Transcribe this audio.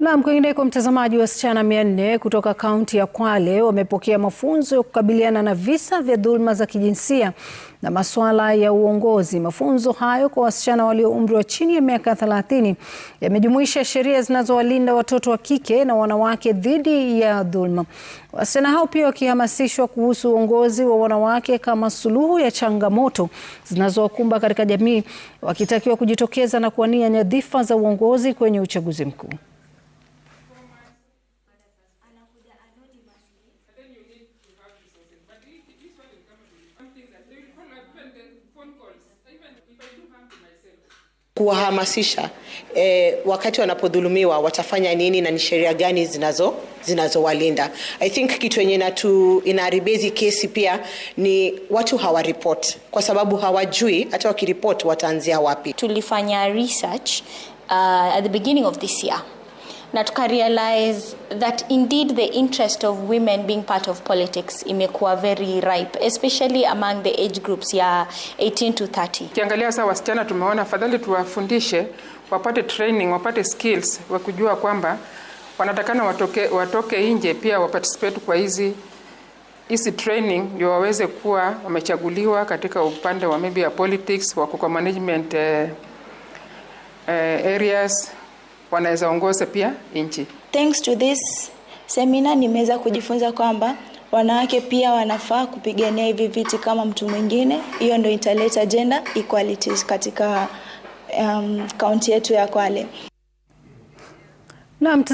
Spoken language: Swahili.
Naam, kwingineko mtazamaji, wasichana mia nne kutoka kaunti ya Kwale wamepokea mafunzo ya kukabiliana na visa vya dhuluma za kijinsia na masuala ya uongozi. Mafunzo hayo kwa wasichana walio umri wa chini ya miaka 30 yamejumuisha sheria zinazowalinda watoto wa kike na wanawake dhidi ya dhuluma. Wasichana hao pia wakihamasishwa kuhusu uongozi wa wanawake kama suluhu ya changamoto zinazowakumba katika jamii, wakitakiwa kujitokeza na kuwania nyadhifa za uongozi kwenye uchaguzi mkuu. kuwahamasisha e, wakati wanapodhulumiwa watafanya nini na ni sheria gani zinazo zinazowalinda. I think kitu yenye natu inaharibezi kesi pia ni watu hawaripot kwa sababu hawajui hata wakiripoti wataanzia wapi. Tulifanya research uh, at the beginning of this year na tuka that indeed the interest of women being part of politics imekuwa very ripe especially among the age groups ya 18 to 30 ukiangalia saa wasichana tumeona afadhali tuwafundishe wapate training wapate skills wa kujua kwamba wanatakana watoke, watoke nje pia waparticipate kwa hizi hizi training ndio waweze kuwa wamechaguliwa katika upande wa maybe ya politics wako kwa management eh, eh, areas wanaweza ongoza pia nchi. Thanks to this seminar nimeweza kujifunza kwamba wanawake pia wanafaa kupigania hivi viti kama mtu mwingine. Hiyo ndio italeta gender equality katika um, kaunti um, yetu ya Kwale na